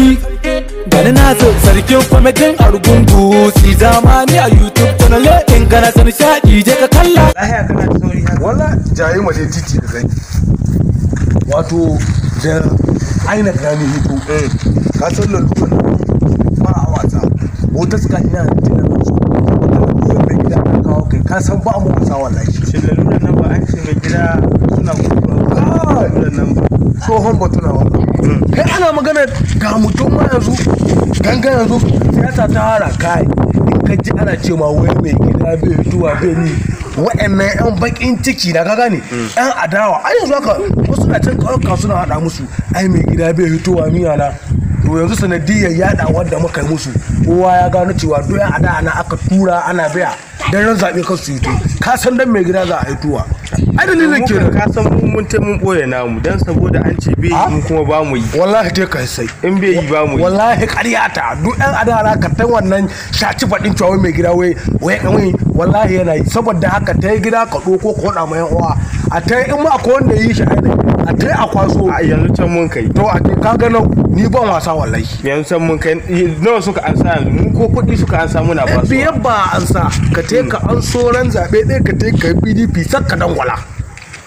sarki gani na so sarkin kwamitin argungu si zamani a youtube channel in kana san sha je ka kalla wala jayi waje titi da zai wato da aina gani hito eh. ka san lallukan ba a wasa wata suka ina tunan su mai gida kawo kai ka san ba mu wasa wallahi shin lalluwa nan ba an ce gida suna kuma magana ga mutum ma yanzu ganga yanzu siyasa ta hara kai in ka ji ana ce ma wai mai gida bai zuwa bai ni wa'annan yan bakin ciki da ka gane yan adawa a yanzu haka wasu na can ƙauyuka suna hada musu ai mai gida bai hitowa miya na to yanzu sanadiyar yada wadda muka yi musu kowa ya gano cewa doya adana aka tura ana biya don ran zaɓe kan su hito ka san dan mai gida za a hitowa ai dalilin ke ka san mun mun ta mun boye namu dan saboda an ce bai yi ah? kuma ba mu yi wallahi dai kai sai in bai yi ba mu yi wallahi ƙarya ta duk ɗan adara ka tan wannan shaci faɗin cewa mai gida wai wai kan wai wallahi yana yi saboda haka ta yi gida ka ɗauko ko da mai uwa a ta in ma akwai wanda yi shi ai a tai a kwaso a yanzu can mun kai to a ka ga nan ni ban wasa wallahi yanzu can mun kai nawa suka ansa yanzu mun ko kuɗi suka ansa muna eh, ba su biyar ba ansa ka tai ka hmm. an so ran zabe ɗaya ka tai ka PDP sakka dangwala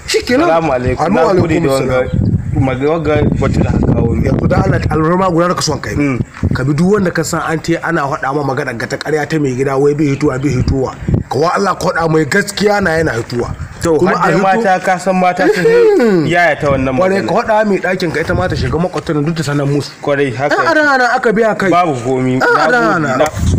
shikenan assalamu alaikum magawaga wacce da haka kawo yanzu da Allah alwarma guda ka kai hmm. ka bi duk wanda ka san an te ana faɗa ma magana ga ta ƙarya ta mai gida wai bai hituwa bai hituwa kawai Allah ka faɗa mai gaskiya na yana hituwa to kuma a mata ka san mata ta hmm. yaya ta wannan magana ka faɗa mai ɗakin ka ita mata shiga makwatan duk ta sanar musu kwarai haka ana aka biya kai babu komi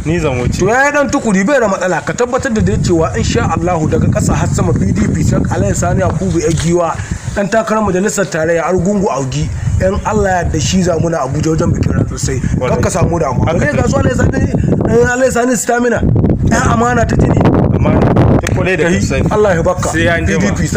ni zan wuce to ya dan tukuri bai da matsala ka tabbatar da cewa insha Allah daga ƙasa har sama PDP sai Alhaji Sani Yakubu ya giwa dan takarar majalisar tarayya argungu augi yan allah da shi muna abuja wajen bikin rantsar sai kan ka samu damuwa ba zai gasu alai sani stamina ya amana ta jini amana ta da kai Allah ya baka sai ya PDP